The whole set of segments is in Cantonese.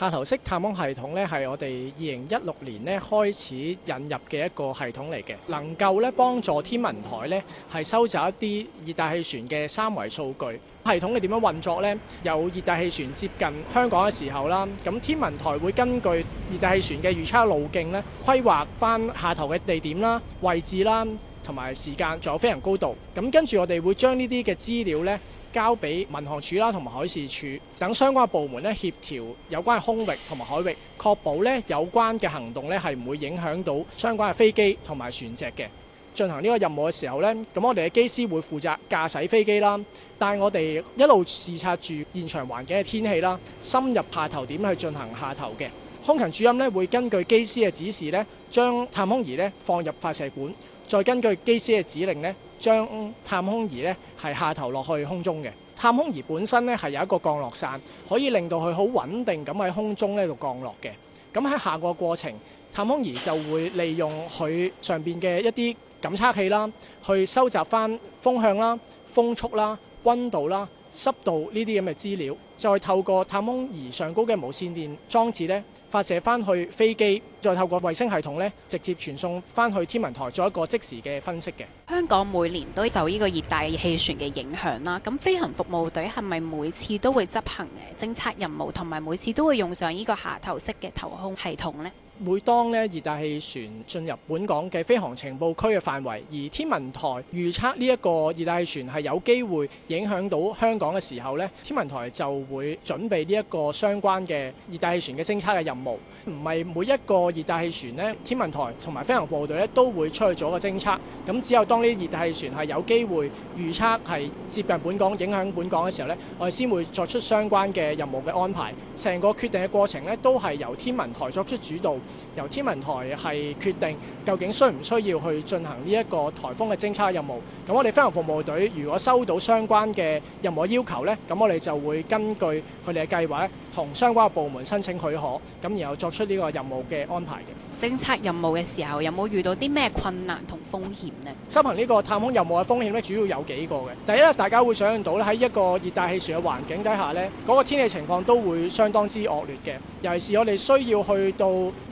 下投式探空系統咧係我哋二零一六年咧開始引入嘅一個系統嚟嘅，能夠咧幫助天文台咧係收集一啲熱帶氣旋嘅三維數據。系統係點樣運作呢？有熱帶氣旋接近香港嘅時候啦，咁天文台會根據熱帶氣旋嘅預測路徑咧規劃返下投嘅地點啦、位置啦同埋時間，仲有飛行高度。咁跟住我哋會將呢啲嘅資料咧，交俾民航處啦，同埋海事處等相關部門咧協調有關嘅空域同埋海域，確保咧有關嘅行動咧係唔會影響到相關嘅飛機同埋船隻嘅。進行呢個任務嘅時候咧，咁我哋嘅機師會負責駕駛飛機啦，但帶我哋一路視察住現場環境嘅天氣啦，深入下頭點去進行下頭嘅。空勤主任咧會根據機師嘅指示咧，將探空儀咧放入發射管，再根據機師嘅指令咧，將探空儀咧係下投落去空中嘅。探空儀本身咧係有一個降落傘，可以令到佢好穩定咁喺空中呢度降落嘅。咁喺下個過程，探空儀就會利用佢上邊嘅一啲感測器啦，去收集返風向啦、風速啦、溫度啦。濕度呢啲咁嘅資料，再透過探空儀上高嘅無線電裝置呢，發射翻去飛機，再透過衛星系統呢，直接傳送翻去天文台，做一個即時嘅分析嘅。香港每年都受呢個熱帶氣旋嘅影響啦。咁飛行服務隊係咪每次都會執行偵測任務，同埋每次都會用上呢個下投式嘅探空系統呢？每當咧熱帶氣旋進入本港嘅飛行情報區嘅範圍，而天文台預測呢一個熱帶氣旋係有機會影響到香港嘅時候咧，天文台就會準備呢一個相關嘅熱帶氣旋嘅偵測嘅任務。唔係每一個熱帶氣旋咧，天文台同埋飛行部隊咧都會出去做一個偵測。咁只有當呢熱帶氣旋係有機會預測係接近本港、影響本港嘅時候咧，我哋先會作出相關嘅任務嘅安排。成個決定嘅過程咧，都係由天文台作出主導。由天文台係決定究竟需唔需要去進行呢一個颱風嘅偵察任務，咁我哋飛行服務隊如果收到相關嘅任何要求咧，咁我哋就會根據佢哋嘅計劃咧，同相關嘅部門申請許可，咁然後作出呢個任務嘅安排嘅。偵察任務嘅時候有冇遇到啲咩困難同風險咧？執行呢個探空任務嘅風險咧，主要有幾個嘅。第一咧，大家會想象到咧，喺一個熱帶氣旋嘅環境底下咧，嗰個天氣情況都會相當之惡劣嘅。尤其是我哋需要去到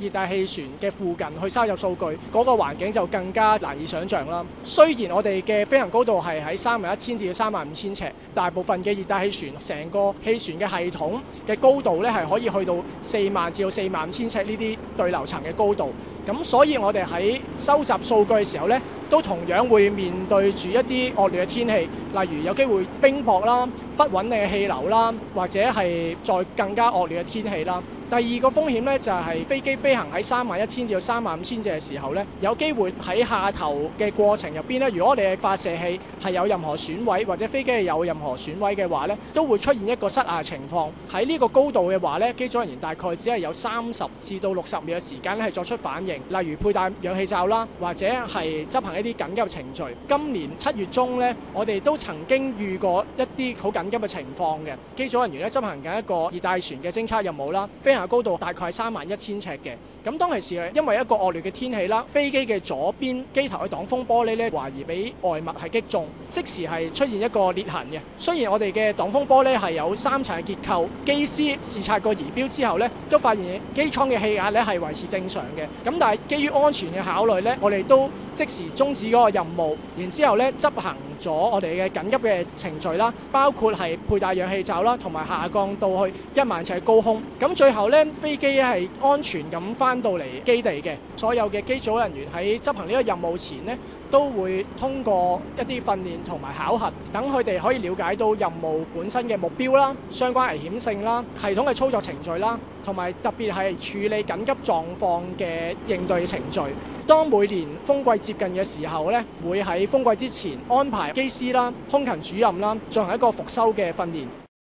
熱帶氣旋嘅附近去收入數據，嗰個環境就更加難以想像啦。雖然我哋嘅飛行高度係喺三萬一千至到三萬五千呎，大部分嘅熱帶氣旋成個氣旋嘅系統嘅高度咧係可以去到四萬至到四萬五千呎呢啲對流層嘅高度。咁所以我哋喺收集數據嘅時候咧，都同樣會面對住一啲惡劣嘅天氣，例如有機會冰雹啦、不穩定嘅氣流啦，或者係再更加惡劣嘅天氣啦。第二個風險呢，就係、是、飛機飛行喺三萬一千至到三萬五千呎嘅時候呢，有機會喺下投嘅過程入邊呢，如果我哋嘅發射器係有任何損毀，或者飛機係有任何損毀嘅話呢，都會出現一個失壓情況。喺呢個高度嘅話呢，機組人員大概只係有三十至到六十秒嘅時間呢，係作出反應，例如佩戴氧氣罩啦，或者係執行一啲緊急程序。今年七月中呢，我哋都曾經遇過一啲好緊急嘅情況嘅機組人員呢，執行緊一個熱帶船嘅偵測任務啦，飛高度大概係三萬一千尺嘅，咁當其時咧，因為一個惡劣嘅天氣啦，飛機嘅左邊機頭嘅擋風玻璃咧，懷疑俾外物係擊中，即時係出現一個裂痕嘅。雖然我哋嘅擋風玻璃係有三層嘅結構，機師視察過儀表之後咧，都發現機艙嘅氣壓咧係維持正常嘅。咁但係基於安全嘅考慮咧，我哋都即時終止嗰個任務，然之後咧執行咗我哋嘅緊急嘅程序啦，包括係佩戴氧氣罩啦，同埋下降到去一萬尺高空。咁最後呢，飛機係安全咁返到嚟基地嘅。所有嘅機組人員喺執行呢個任務前呢，都會通過一啲訓練同埋考核，等佢哋可以了解到任務本身嘅目標啦、相關危險性啦、系統嘅操作程序啦。同埋特別係處理緊急狀況嘅應對程序。當每年風季接近嘅時候咧，會喺風季之前安排機師啦、空勤主任啦進行一個復修嘅訓練。